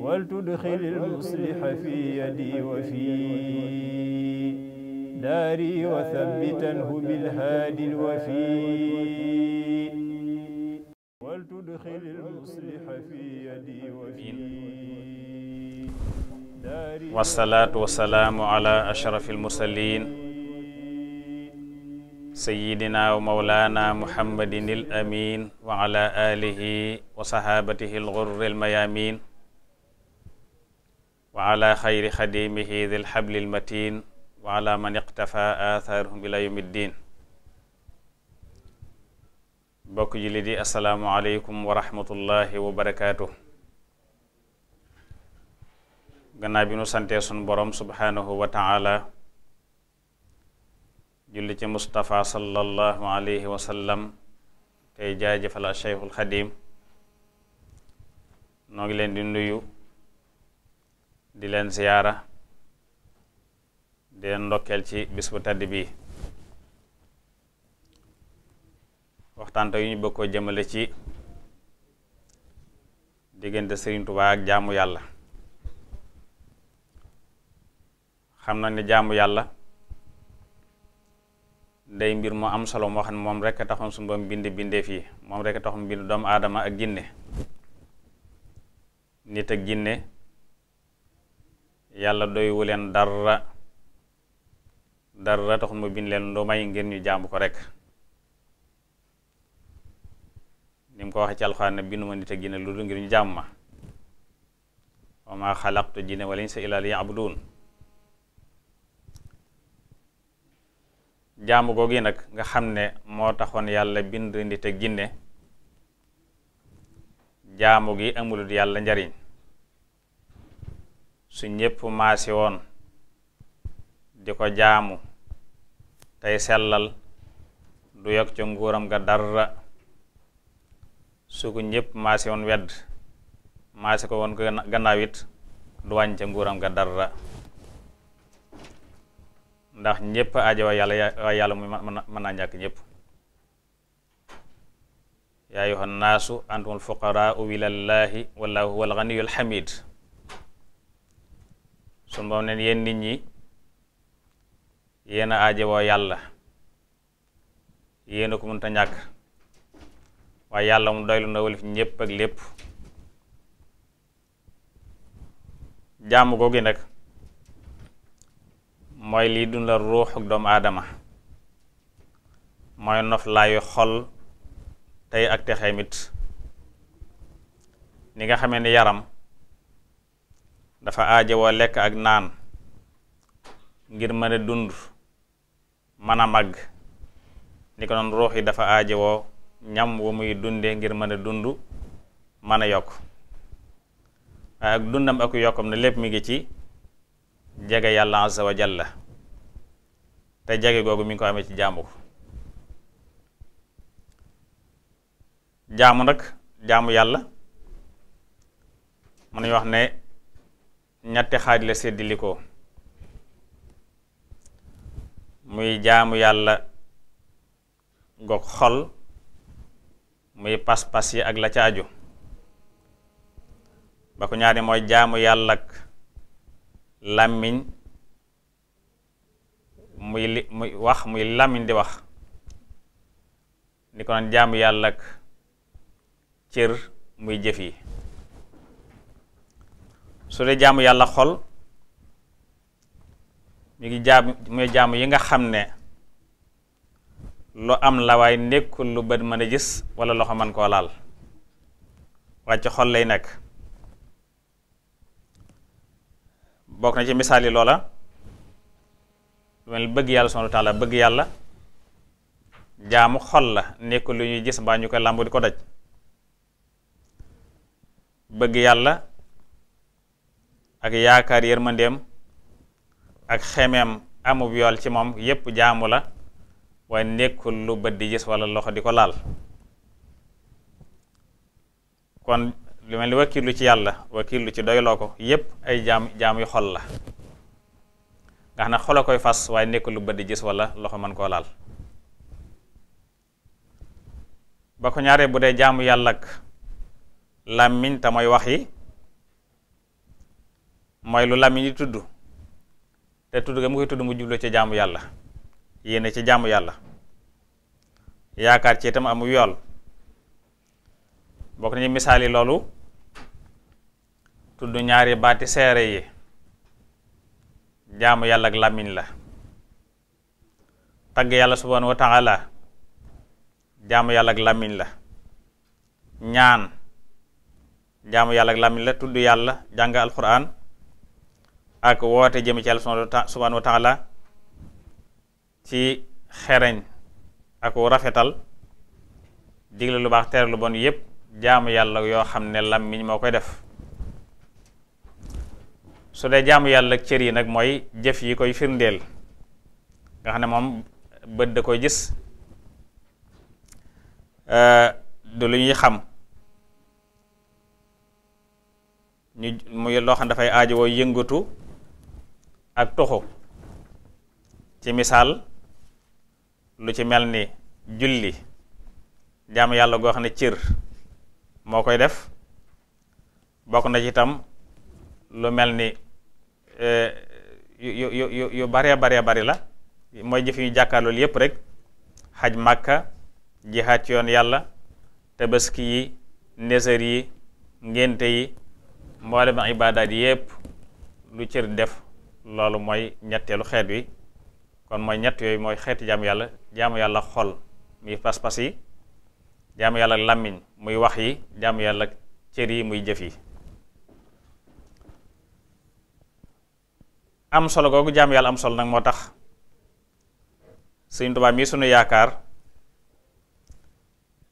ولتدخل المصلح في يدي وفي داري وثبتنه بالهادي الوفي ولتدخل المصلح في يدي وفي والصلاة والسلام على أشرف المرسلين سيدنا ومولانا محمد الأمين وعلى آله وصحابته الغر الميامين wa ala xayri xadimihi dil xablil matin wa ala man iqtafa athaarahum ila yawmi ddin mbokk jullit yi asalaamu aleykum wa rahmatullahi wa nu santee borom subhaanahu wa taala julli ci Mustapha sallallahu alayhi wa sallam tey jaajëfal Cheikhul Xadim noo ngi leen di nuyu di leen siyaara di leen ndokkeel ci bis bu tedd bii waxtaante yu ñu bëgg koo jëmale ci diggante Sëriñ ak jaamu yàlla xam na ne jaamu yàlla day mbir mu am solo moo xam moom rekk a taxoon suñu boroom bind bindee fii moom rekk a taxoon bind doomu aadama ak jinne nit ak jinne yàlla doywu leen dara dara taxul mu bind leen lu may ngeen ñu jaamu ko rek ni ko waxe ci alxuraan ne binduma nit ak jinne lu dul ngir ñu jaamu ma wa maa xalaqtu jinne wala insa illa liya'budun jaamu googu nag nga xam ne moo taxoon yàlla bind nit ak jinne jaamu gi amulul yàlla njariñ su ñépp maasi woon di ko jaamu tey sellal du yokk ca nguuram ga dara su ko ñépp maasi woon wedd maasi ko woon gannaaw it du wàññ ca nguuram ga dara ndax ñépp aja waa yàlla waa yàlla muy mën naa ñàkk ñépp yaa ayyuhan naasu antumul fuqaraau ilallaahi wallaahu huwal ganiyyul hamiid su boom neen yéen nit ñi yenn a aajowoo yàlla yéen a ko mënta ñàkk waaye yàlla mu doylu na walif ñépp ak lépp jaamu googu nag mooy lii dundal ruuxu doomu aadama mooy noflaayu xol tey ak texemit ni nga xamee ne yaram dafa aajowoo lekk ak naan ngir mën a dund mën a màgg ni ko noonu ruux yi dafa aajowoo ñam wu muy dunde ngir mën a dund mën a yokk waaye ak dundam ak yokkum ne lépp mi ngi ci jege yàlla azza wa jalla te jege googu mi ngi ko amee ci jaamu ko jaamu nag jaamu yàlla mën nañu wax ne ñetti xaaj la séddilikoo muy jaamu yàlla gog xol muy pas-pas yi ak la caaju ba ko ñaari mooy jaamu yàlla ak làmmiñ muy li muy wax muy làmmiñ di wax ni ko naan jaamu yàlla ak cër muy jëf yi su dee jaamu yàlla xol mu ngi jaam muy jaamu yi nga xam ne lu am la waaye nekkul lu bët mën a gis wala loxo man koo laal waaye ci xol lay nekk bokk na ci misaal loola lu mel bëgg yàlla subhaanahu wa taala bëgg yàlla jaamu xol la nekkul lu ñuy gis mbaa ñu koy làmbu di ko daj bëgg yàlla ak yaakaar yërmandeem ak xemeem amub yool ci moom yépp jaamu la waaye nekkul lu bët di gis wala loxo di ko laal kon lu mel ni wakiilu ci yàlla wakiilu ci doyloo ko yépp ay jaam jaam yu xol la nga xam ne xol koy fas waaye nekkul lu bët di gis wala loxo mën koo laal ba ko ñaaree bu dee jaamu yàlla ak làmmiñ te mooy wax yi mooy lu làmmiñ di tudd te tudd ga mu koy tudd mu jublu ci jaamu yàlla yéene ci jaamu yàlla yaakaar ci itam amu yool bokk nañu misaal yi loolu tudd ñaari baati seere yi jaamu yàlla ak làmmiñ la tagg yàlla subhaanahu wa taala jaamu yàlla ak làmmiñ la ñaan jaamu yàlla ak làmmiñ la tudd yàlla jàng alquran ak woote jëm ci yàlla subhanahu wa taala ci xereñ ak rafetal digle lu baax tere lu bon yépp jaamu yàlla yoo xam ne làmmiñ moo koy def su dee jaamu yàlla ak cër yi nag mooy jëf yi koy firndeel nga xam ne moom bët da koy gis euh, du lu ñuy xam ñu muy loo xam ne dafay aajowoo yëngatu ak toxu ci misaal lu ci mel ni julli jaamu yàlla goo xam ne cër moo koy def bokk na ci itam lu mel ni e, yu yu yu yu baree baree bari la mooy jëf yu jàkkaarlool yépp rek xaj màkka jihaat ci yoon yàlla tabaski yi nézar yi ngénte yi mboolem ibaadaat yépp lu cër def loolu mooy ñetteelu xeet wi kon mooy ñett yooyu mooy xeeti jaamu yàlla jàmm yàlla xol muy pas-pas yi jaamu yàlla làmmiñ muy wax yi jaamu yàlla cër yi muy jëf yi am solo googu jaamu yàlla am solo nag moo tax Sëriñ Tuubaa mii sunu yaakaar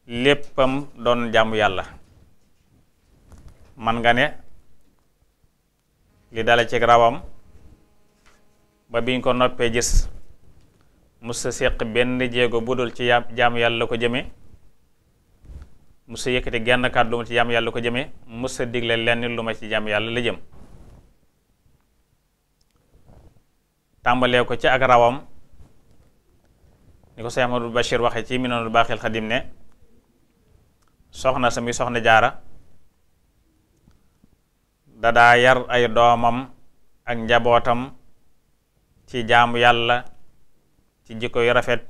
léppam doon jàmm yàlla man nga ne li dale ci rawam ba biñ ko noppee gis musa seq benn jéego bu dul ci jaamu yàlla la ko jëme musa yëkkati genn kàddu ci jaamu yàlla ko jëme musa digle lenn lu ma ci jaamu yàlla la jëm tàmbalee ko ci ak rawam ni ko Seex Ahmadul Bachir waxe ci Minanul Baaxil Xadim ne soxna sa muy soxna jaara dadaa yar ay doomam ak njabootam ci jaamu yàlla ci jikko yu rafet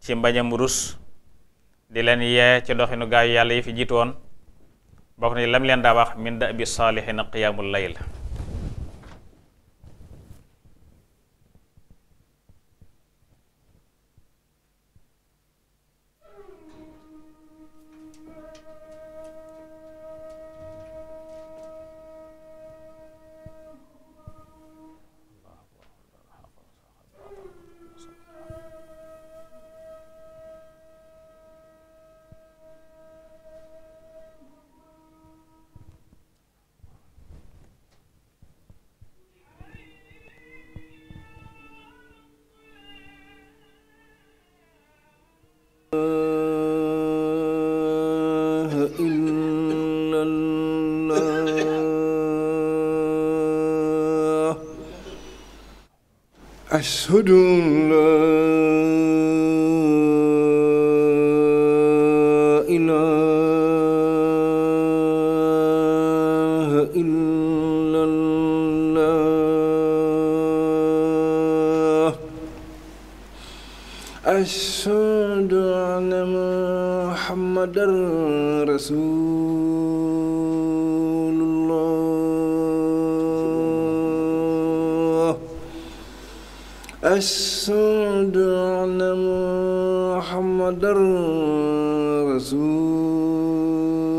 ci mbañam mburus di leen yee ci doxinu gaayu yàlla yi fi jiitu woon bokk na lam leen daa wax min da bi saalihin lay la أشهد أن لا واشهد أن محمدا رسول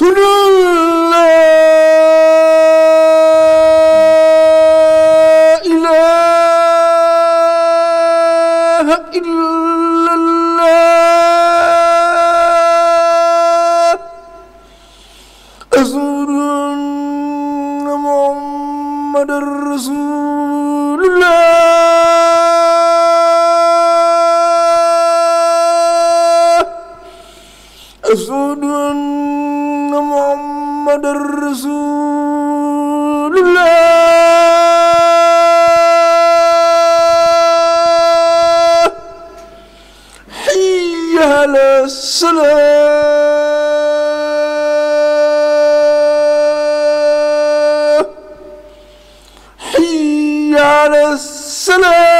sunu السلام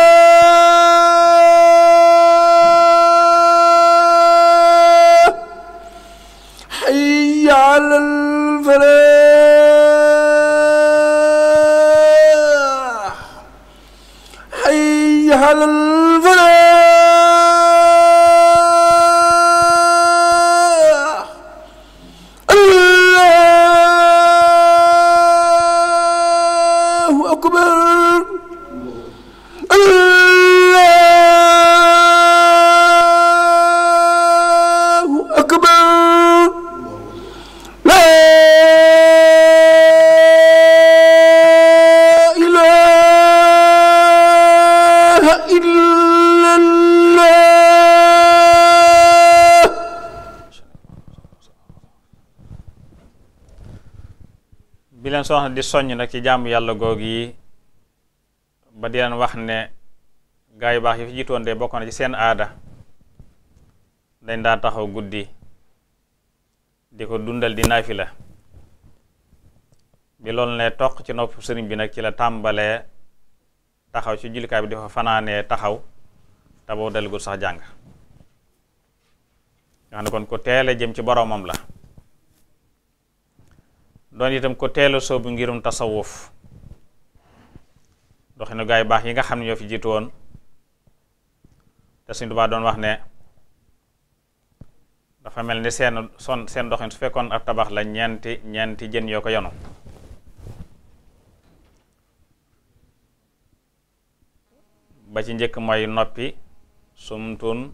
soxna di soññ nag ci jaamu yàlla googu yi ba di wax ne gaa yu baax yi fi jiitoon de bokk na ci seen aada dañ daa taxaw guddi di ko dundal di naafi la bi lool na toq ci nopp sëriñ bi nag ci la tàmbalee taxaw ci jullikaay bi di fa fanaanee taxaw taboo dalgul sax jàng nga xam ne kon ku teele jëm ci boromam la doon itam ko teel a soobu ngirum tasawuf doxinu gaa yu baax yi nga xam ne ñoo fi jiitu woon te Sëñ Tuubaa doon wax ne dafa mel ni seen son seen doxin su fekkoon ak tabax la ñeenti ñeenti jën yoo ko yanu ba ci njëkk mooy noppi sumtun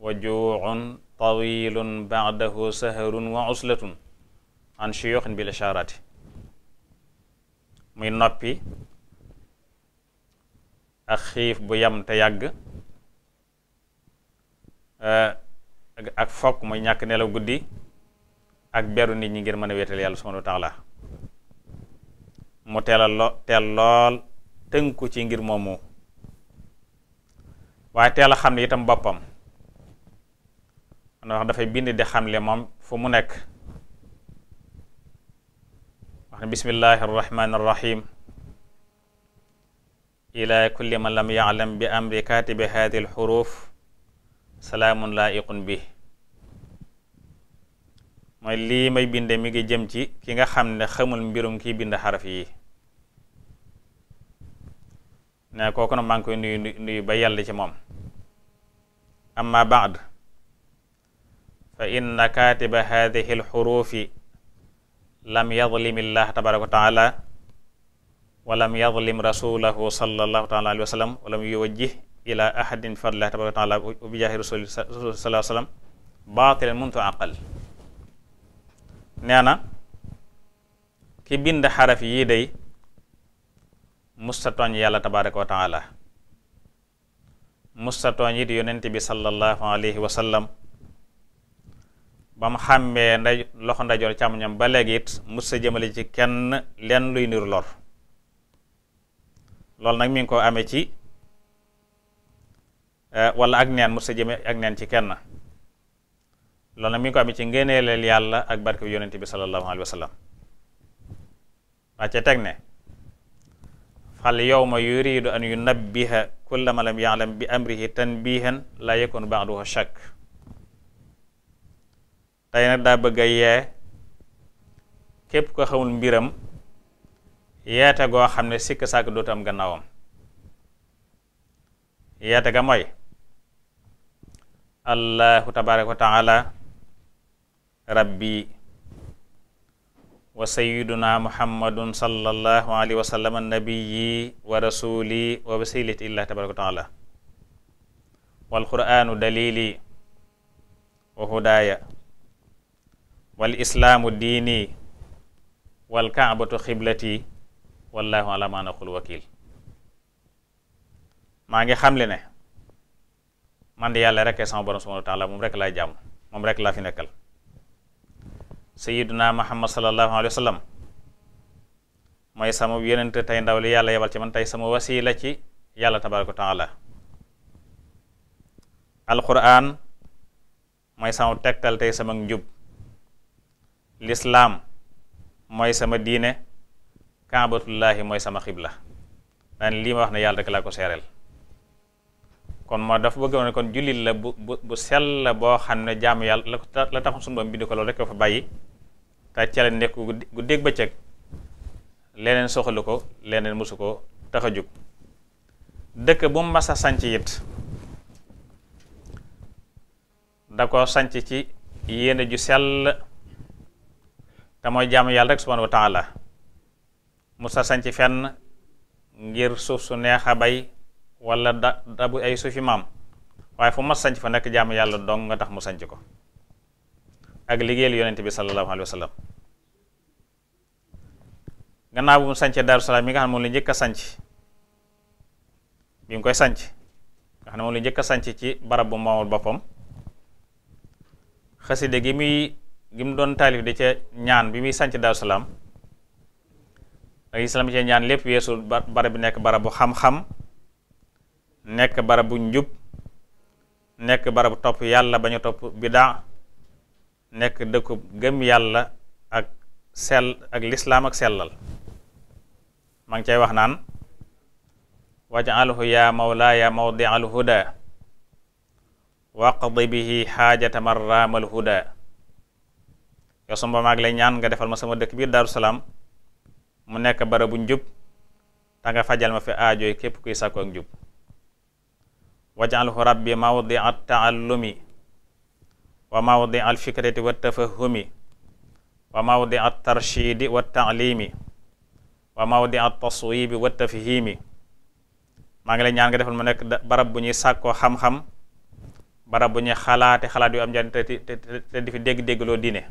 wa juucun tawilun baadahu saharun wa uslatun an shuyuxin bil ishaarati muy noppi ak xiif bu yam te yàgg eh, ak fokk muy ñàkk nelaw guddi ak beru nit ñi ngir mën a wéetal yàlla subhanahu wa taala mu teela lo teel lool tënku ci ngir moomu waaye teel a xam ne itam boppam ndax dafay bind di xamle moom fu mu nekk bismillahi arrahmani arrahim ila kulli man lam yaalam bi amri katibi hadi alxuruf salaamun laayiqun bi mooy lii may binde mi ngi jëm ci ki nga xam ne xamul mbirum kiy bind xaraf yi ne kooku na maa ngi koy nuyu ba yàlla ci moom amma baad fa inna katiba hadihi alxurufi lam yadlimillah tabaraka wa taala wa lam yadlim rasulahu sallallahu taala alayhi wa sallam wa lam yuwajjih ila ahadin fadlah tabaraka wa taala bi jaahi rasuli sallallahu alayhi wa sallam baatilan muntu aqal nee na ki bind xaraf yii day musta tooñ yàlla tabaraka wa taala musta tooñ it yonent bi sallallahu alayhi wa sallam ba mu xàmmee loxo ndajoor càmmoñam ba léegi it mus sa ci kenn lenn luy niru lor loolu nag mi ko amee ci eh, wala ak neen mus sa jëme ak neen ci kenn lool nag mi ngi ko amee ci ngëneeleel yàlla ak barke bi yonente bi sallallahu alayhi wa sallam waa ca teg ne fal yawma yuridu an yunabbiha kulla ma lam ya'lam bi amrihi tanbihan la yakun ba'duhu shakk tey nag daa bëgg a yee ko xamul mbiram yeete goo xam ne sikk sàkk dootam gannaawam yeete ga mooy allahu tabaraka wa taala rabbi wa sayiduna muhammadun sallallahu alayhi wa sallam nabiyi tabaraka wa wal quranu dalili wa hudaya wal islaamu diini wal kaabatu xiblati wallahu ala ma naqul maa ngi xamle ne man yàlla rek sama borom subhanahu wa taala moom rek laay jàmm moom rek laa fi nekkal sayiduna muhammad sallallahu alayhi wa sallam mooy sama yonent tey ndaw li yàlla yebal ci man tey sama wasila ci yàlla tabaraka wa taala alquran mooy sama tegtal tey sama njub lislaam mooy sama diine kaabatullaahi mooy sama xibla daan lii ma wax na yàlla rek laa ko seereel kon moo dafa bëgg ne kon jullit la bu bu bu la boo xam ne jàmm yàlla la ko la taxoon sunu bam bind ko loolu rek fa bàyyi te ca la gu dégg bëccëg leneen soxalu ko leneen mosu ko tax a jóg dëkk bu mu mas sanc it da ko sanc ci yéene ju sel te mooy jaamu yàlla rek subhanahu wa taala musa sañc fenn ngir suuf su neex a bay wala da dabu ay suufi maam waaye fu ma sañc fa nekk jàmm yàlla dong nga tax mu sañc ko ak liggéeyal yonent bi sallallahu alayhi wa sallam gannaaw bu mu sañcee Daaru Salaam mi nga xam ne moom la njëkk a sañc bi mu koy sañc nga xam ne moom la njëkk a sañc ci barab bu moomul boppam xaside gi muy gi doon taalif di ca ñaan bi muy sànc Daaru Salaam ak islam ci ñaan lépp weesu barab nekk barab bu xam-xam nekk barab njub nekk barab topp yàlla bañu topp bidaa nekk dëkkub gëm yàlla ak sell ak lislaam ak sellal maa ngi cay wax naan waj'alhu yaa mawlaaya mawdi al huda waqdi bihi xaajata man raamal huda yow sama maa ngi ñaan nga defal ma sama dëkk biir Daaru Salaam mu nekk bara bu njub ta fajal ma fi aajooy képp kuy sàkku ak njub wajalhu rabbi mawdi at wa mawdi al fikrati wa wa mawdi at tarshidi taalimi wa mawdi at taswibi wa maa ngi nga defal mu nekk barab bu ñuy sàkkoo xam-xam barab bu ñuy xalaate xalaat yu am njariñ te te te di fi dégg diine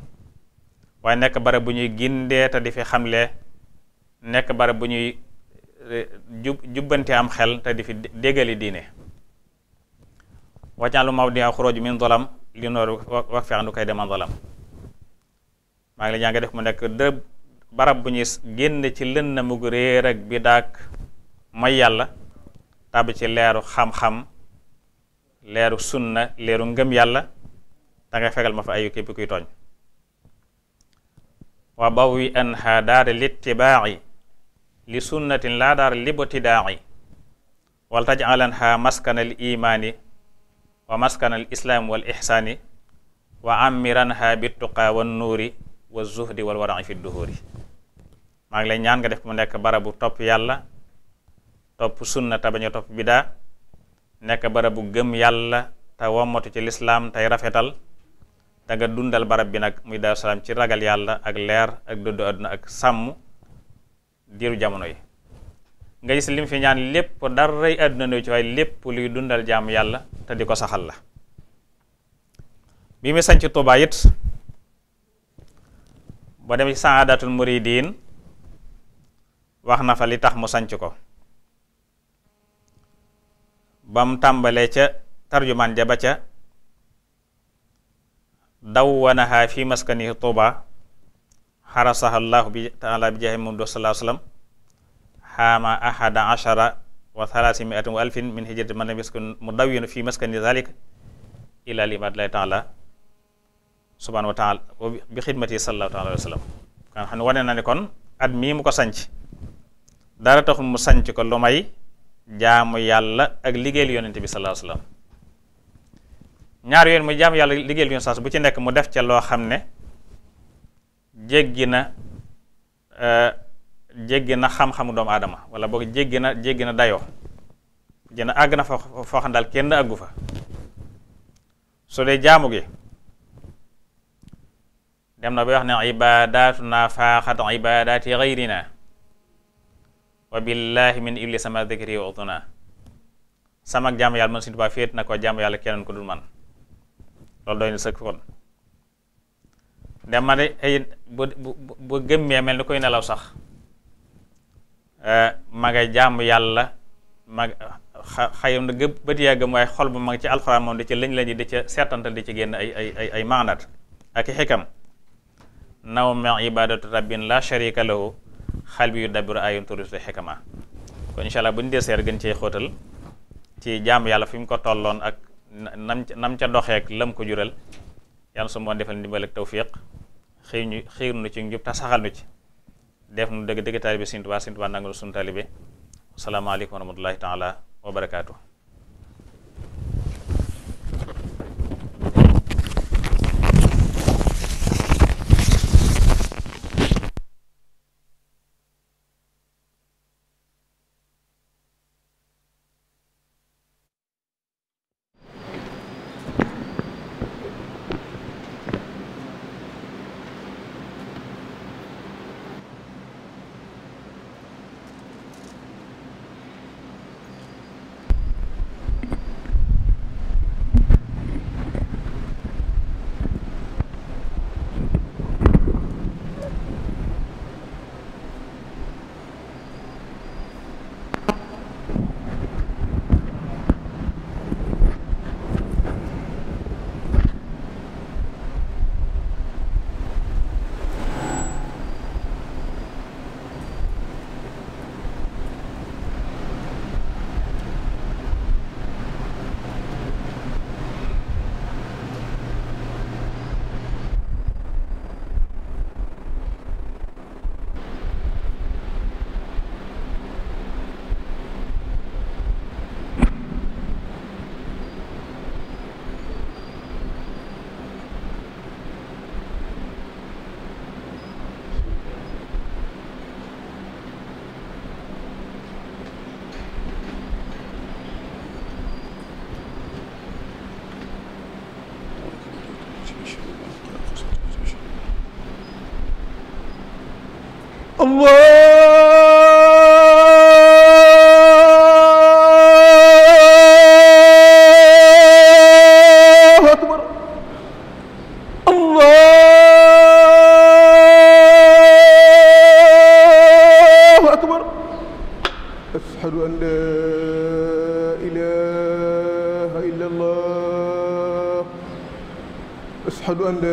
waaye nekk barab bu ñuy gindee te di fi xamle nekk barab bu ñuy eh, jubbante am xel te di fi déggali diine waccan lu maw di xuróoju min dolam li noor wax fi andu koy deman dolam maa ngi la jànge def mu nekk dëb barab bu ñuy génn ci lënn mug réer ak bidaak mooy yàlla tàbbi ci leeru xam-xam leeru sunna leeru ngëm yàlla dangay fegal ma fa ayu képp kuy tooñ wa bawi anha daari littibaaci li sunnatin laa daari libtidaaci wal tajcalanha maskana al imaani wa maskana al islaami wal ixsaani wa ammiranha bittuqaa wan nuuri wa zuhdi wal waraci fi duhuri maa ngi ñaan nga def mu nekk barabu topp yàlla topp sunna te bañ a bidaa nekk barabu gëm yàlla te wommatu ci lislaam tey rafetal da dundal barab bi nag muy Daaru Salaam ci ragal yàlla ak leer ak dëddu àdduna ak sàmm diiru jamono yi nga gis lim fi ñaan lépp daray àdduna néew ci waaye lépp luy dundal jaam yàlla te di ko saxal la bi mu sañc Tuubaa it ba dem ci saadatul muridiin wax na fa li tax mu sañc ko ba tàmbalee ca tarjumaan ja ba ca dawwanaha fi maskanihi tuuba xarasaha allahu bi taala bi jaahi muhammad sallallahu alayhi wa sallam xaama min hijrati man mu dawwinu fi maskani zalik ila limaat lay taala subhanahu wa taala bi xidmati sallallahu taala kan xam ne wane kon at mii mu ko sanc dara taxul mu sanc ko lu may jaamu ak liggéeyal yonente bi sallallahu alayhi ñaar yooyu mu jaam yàlla liggéeyal yoon saas bu ci nekk mu def ca xam ne jéggi na euh, jéggi na xam-xamu doomu aadama wala boog jéggi na jéggi na dayoo jina àgg na fa foo xam daal kenn àggu fa su dee jaamu gi dem na ba wax ne ibadatuna faaxat ibadati gayrina wa billahi min iblis sama dikri wa utuna sama jaamu yàlla man suñu tubaab féet na ko jaamu yàlla keneen ko dul man loolu doy na sëkk kon dem ma de ay bu bu gëmmee mel ni koy nelaw sax eh, ma ngay jàmm yàlla ma xayam na gëpp bët yaa gëm waaye xol bu mag ci alxuraan moom di ci lañ lañ di ca seetantal di ci génn ay ay ay ay ak i xikam naw ma ibadatu rabbin la sharika lahu xalbi dabiru ayun turiste xikama kon incha bu ñu dee gën cee xóotal ci jàmm yàlla fi mu ko tolloon ak nam nam ca doxeek lam ko jural yàlla su moon defal ndimbal ak tawfiq xëy ñu xiir nu ci njub te saxal nu ci def nu dëgg dëgg taalibe Sëriñ Tuubaa Sëriñ Tuubaa nangu sunu taalibe asalaamaaleykum wa rahmatullahi taala wa barakaatu allahu akbar allahu akbar ashhadu an laa ilaaha illa allah ashhadu an laa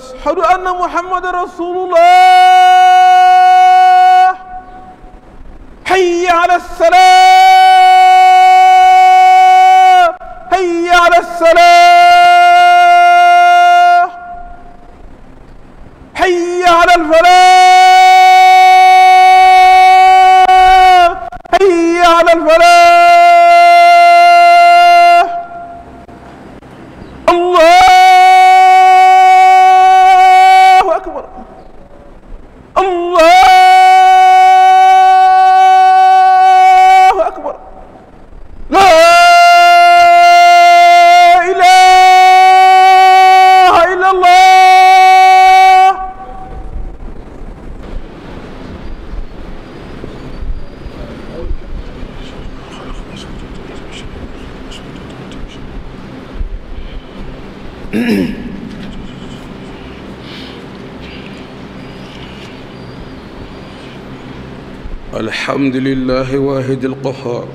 ashhadu anna muhammadan rasulullah hayya ala salam الحمد لله واحد القهار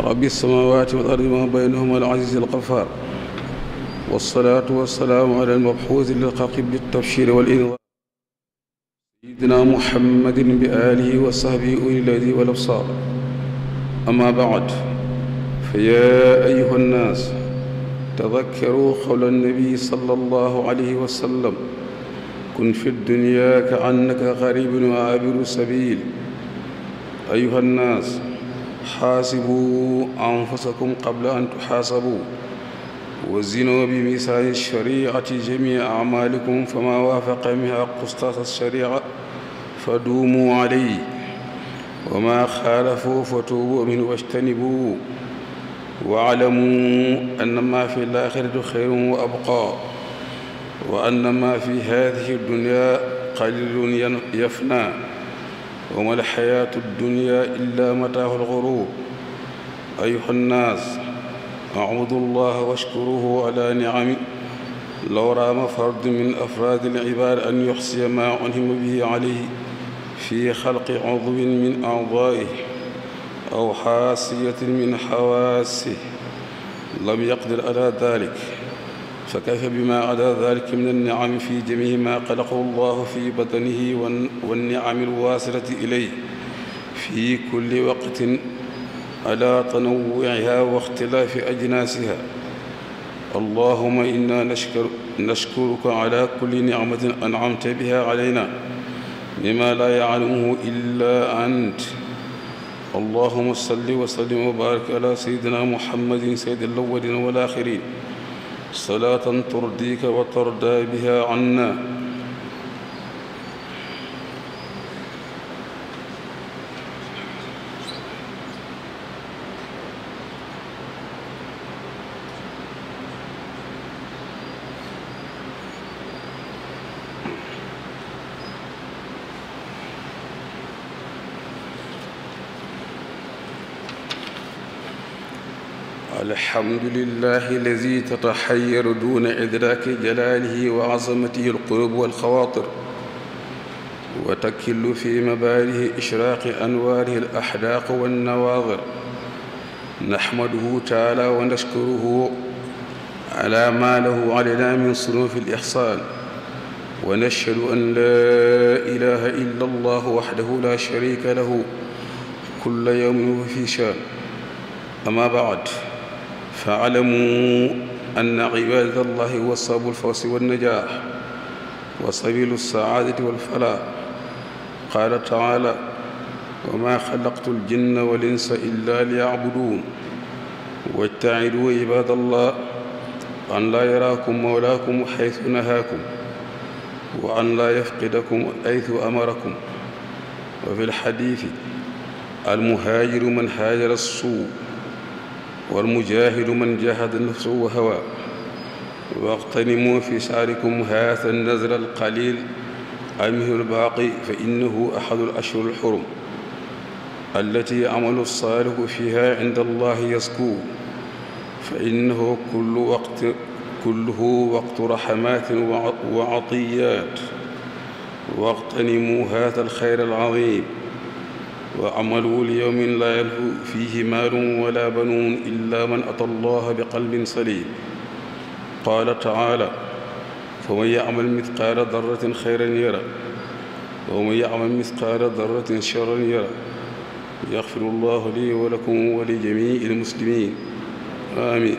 رب السماوات والأرض ما بينهما العزيز الغفار والصلاة والسلام على المبعوث للخلق بالتبشير والإنذار سيدنا محمد بآله وصحبه أولي الأيدي والأبصار أما بعد فيا أيها الناس تذكروا قول النبي صلى الله عليه وسلم كن في الدنيا كأنك غريب وعابر السبيل أيها الناس حاسبوا أنفسكم قبل أن تحاسبوا وزنوا بميزان الشريعة جميع أعمالكم فما وافق منها قسطاس الشريعة فدوموا عليه وما خالفوا فتوبوا منه واجتنبوه واعلموا أن ما في الآخرة خير وأبقى wa anna maa fi haadihi dunya qalilun yafnaa wa maa alxayaatu dunya illaa mataaxul xuruur ayuha nnaas abudu llaha washkuruhu ala nicami law raama fardu min afraadi alcibaada an yuxsiya maa unhima bihi alayhi fi xalqi cudwin min acdaa'ihi aw xaasiyatin min xawaasihi lam yaqdir ala daalik فكيف بما عدا ذلك من النعم في جميع ما خلقه الله في بطنه والنعم الواصلة إليه في كل وقت على تنوعها واختلاف أجناسها اللهم إنا نشكر نشكرك على كل نعمة أنعمت بها علينا بما لا يعلمه إلا أنت اللهم صل وسلم وبارك على سيدنا محمد سيد الأولين والآخرين salaatan turdiika wa tardaa biha anna alhamdulillahi alladi tataxayaru duna idraaki jalaalihi wa azamatihi alqulub walxawaatir wa takillu fi mabaarihi ishraaqi anwaarihi alaxdaaq wannawaadir naxmaduhu taala wa nashkuruhu ala ma lahu alayna min sunufi alixsaan wa nashhadu an laa ilaha illa allah waxdahu la sharika lahu kulla yawmin wa fi shaan amma baad فاعلموا أن عبادة الله هو سبب الفوز والنجاح وسبيل السعادة والفلاح قال تعالى وما خلقت الجن والإنس إلا ليعبدون واجتعلوا عباد الله أن لا يراكم مولاكم حيث نهاكم وأن لا يفقدكم حيث أمركم وفي الحديث المهاجر من هاجر السوء والمجاهد من جاهد نفسه وهوى واغتنموا في شعركم هذا النزل القليل أمه الباقي فإنه أحد الأشهر الحرم التي عمل الصالح فيها عند الله يزكو فإنه كل وقت كله وقت رحمات وعطيات واغتنموا هذا الخير العظيم وعملوا ليوم لا يلهو فيه مال ولا بنون إلا من أتى الله بقلب سليم قال تعالى فمن يعمل مثقال ذرة خيرا يرى ومن يعمل مثقال ذرة شرا يرى يغفر الله لي ولكم ولجميع المسلمين آمين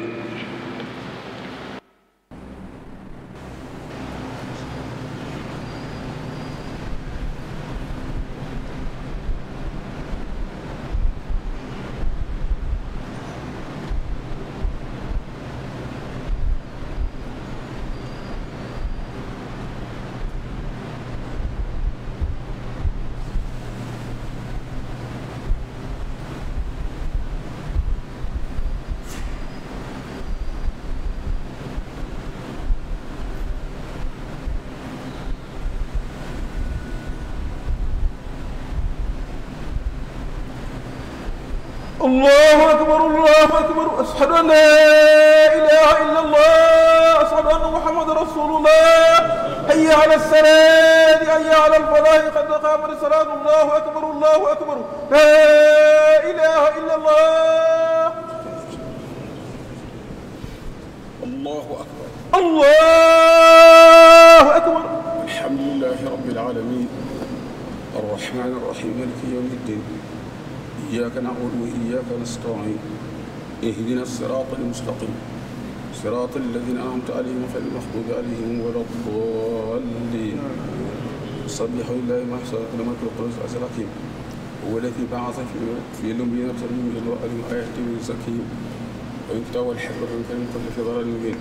allahu akbar allahu akbar ashhadu an la ilaha illa allah ashhadu anna muhammadan rasulullah hayya ala salaati hayya ala alfalaah qad qaamat salaatu allahu akbar allahu akbar la ilaha illa allah allahu akbar allahu akbar alhamdulillahi rabbil aalamiin arrahmaani arrahiim maaliki yawmi ddiin إياك نعبد وإياك نستعين اهدنا الصراط المستقيم صراط الذين أنعمت عليهم غير المغضوب عليهم ولا الضالين سبحوا لله ما أحسن لما القدس العزيز الحكيم هو الذي بعث في الأميين رسولا من وعلم آياته ويزكيهم ويؤتى والحفظ من كل في ضلال مبين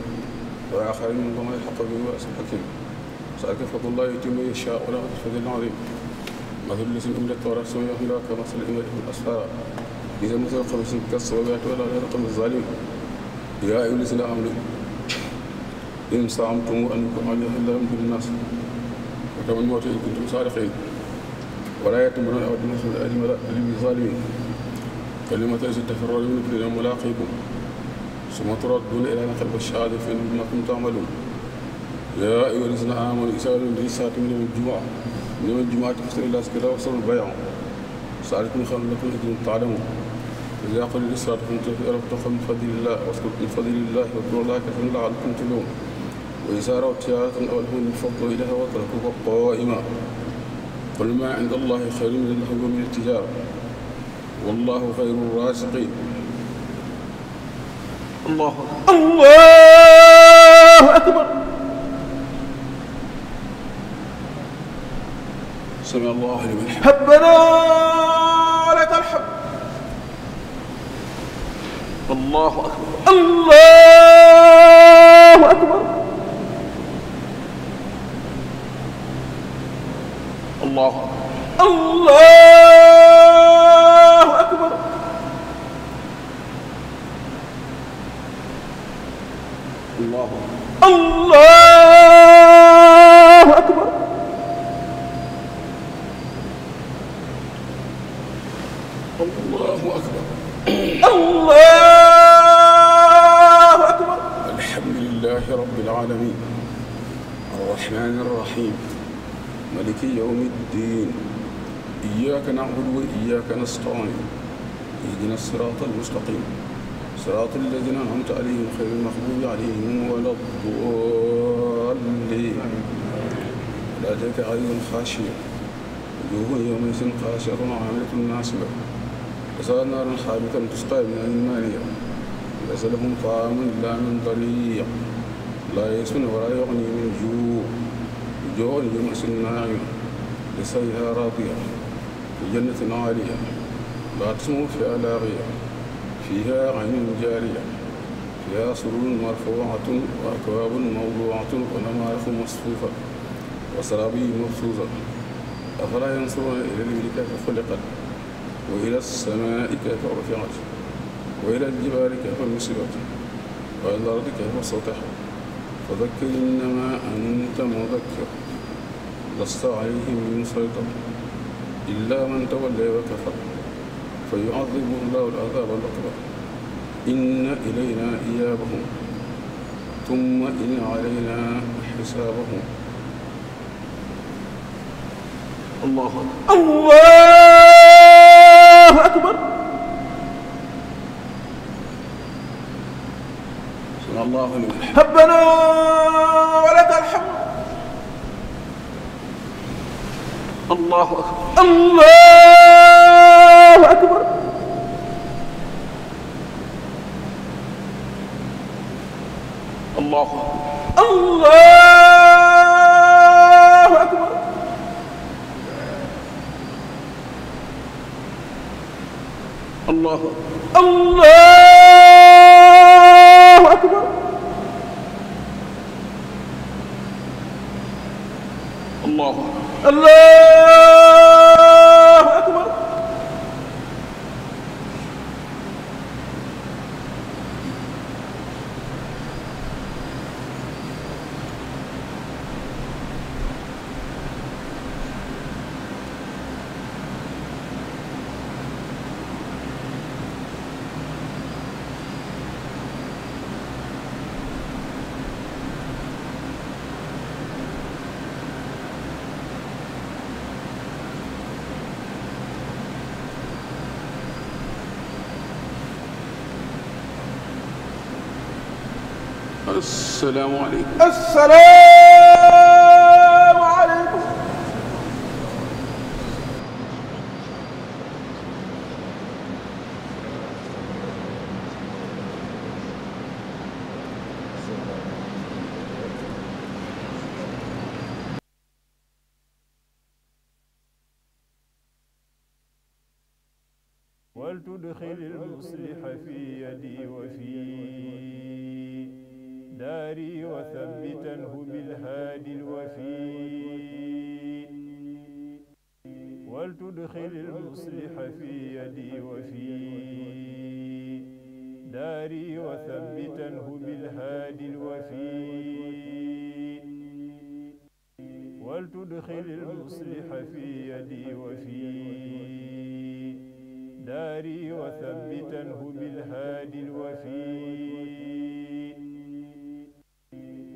وآخرين من ضمن الحق به وأسف حكيم سألك فضل الله يتم يشاء ولا فضل عظيم مثل الذي أملت ورأسه يحملها كمثل الإمرأة الأسفار إذا مثل القميص كالسماوات ولا غير قميص الظالم يا أيها الذين آمنوا إن زعمتم أنكم عن الله من الناس وتمنوا إن كنتم صادقين ولا يتمنون أبدا مثل الظالمين كلمة ليست تفررون في ملاقيكم ثم تردون إلى نقلب الشهادة فإن بما كنتم تعملون يا أيها الذين آمنوا إذا لم من الجمعة يوم الجمعة فاستمع إلى ذكرى وصلوا البيع سألتني خير لكم إن كنتم تعلمون إذا يقول الإسراء كنت في أرب تقم من فضل الله واذكر من فضل الله واذكروا الله كثيرا لعلكم تفلحون وإذا رأوا تجارة أو لهوا انفضوا إليها وتركوها قائما قل ما عند الله خير من اللهو ومن التجارة والله خير الرازقين الله الله سمع الله لمن حمده ربنا لك الحمد الله أكبر الله أكبر الله أكبر الله أكبر الله أكبر الله المستقيم صراط الذين أنعمت عليهم غير المغضوب عليهم ولا الضالين لديك عين خاشية وجوه يومئذ خاشعة عاملة ناصبة وصار نار حامية تسقى من المانية ليس لهم طعام إلا من ضريع لا يسمن ولا يغني من جوع جوع يومئذ ناعمة لسيها راضية في جنة عالية لا تسمو فيها لاغية فيها عين جارية فيها سرور مرفوعة وأكواب موضوعة ونمارق مصفوفة وسرابي مبثوثة أفلا ينظرون إلى الإبل كيف خلقت وإلى السماء كيف رفعت وإلى الجبال كيف نصبت وإلى الأرض كيف سطحت فذكر إنما أنت مذكر لست عليهم من سيطر إلا من تولي وكفر فيعظم الله العذاب الأكبر إن إلينا إيابهم ثم إن علينا حسابهم الله أكبر الله أكبر صلى الله عليه وسلم ربنا ولك الحمد الله أكبر الله asalaamualeykum. asalaamualeykum. wal tudxil al muslih fi yadi wa fi داري وثبته بالهادي الوفي ولتدخل المصلح في يدي وفي داري وثبته بالهادي الوفي ولتدخل المصلح في يدي وفي داري وثبته بالهادي الوفي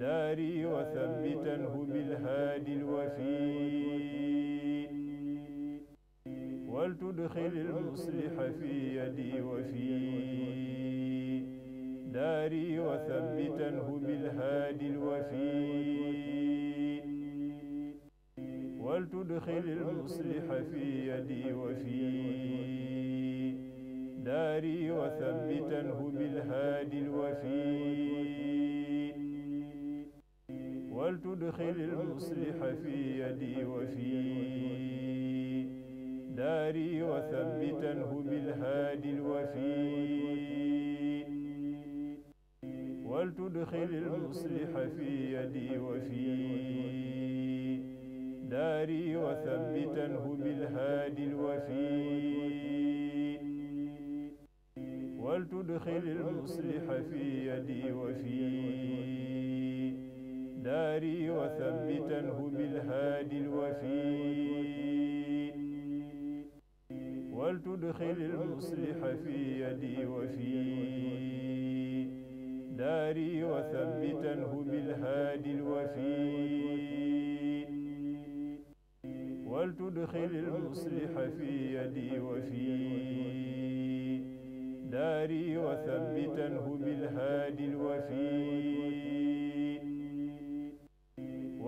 داري وثبته بالهادي الوفي ولتدخل المصلح في يدي وفي داري وثبته بالهادي الوفي ولتدخل المصلح في يدي وفي داري وثبته بالهادي الوفي wal tudxilil musliha fi yadi wa fi daari wa thabbitanhu bil haadil wafi wal tudxilil musliha fi yadi wa fi daari wa thabbitanhu bil haadil wafi wal tudxilil musliha fi yadi wa fi داري وثبته بالهادي الوفي ولتدخل المصلح في يدي وفي داري وثبته بالهادي الوفي ولتدخل المصلح في يدي وفي داري وثبته بالهادي الوفي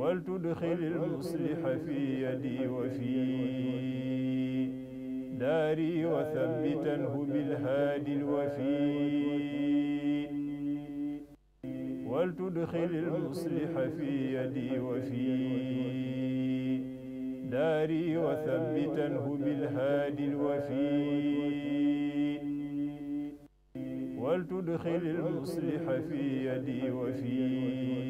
wal tudxilil musliha fi yadi wa fi daari wa thabbitanhu bil haadil wafi wal tudxilil musliha fi yadi wa fi daari wa thabbitanhu bil haadil wafi wal tudxilil musliha fi yadi wa fi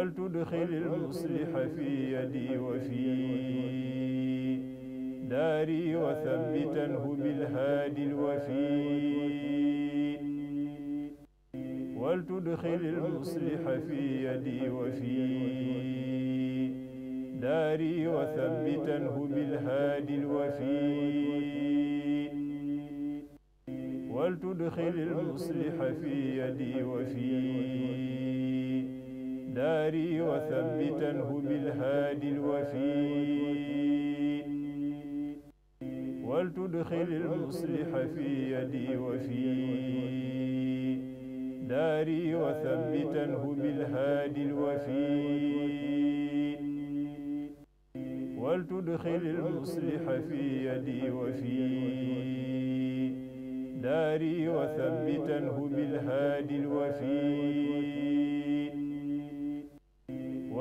wal tudxilil musliha fi yadi wa fi daari wa thabbitanhu bil haadil wafi wal tudxilil musliha fi yadi wa fi daari wa thabbitanhu bil haadil wafi wal tudxilil musliha fi yadi wa fi داري وثبته بالهادي الوفي ولتدخل المصلح في يدي وفي داري وثبته بالهادي الوفي ولتدخل المصلح في يدي وفي داري وثبته بالهادي الوفي